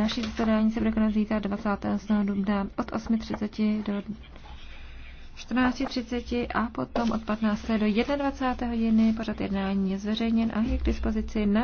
Další zasedání se bude konat zítra 28. dubna od 8.30 do 14.30 a potom od 15. do 21. hodiny. Pořad jednání je zveřejněn a je k dispozici na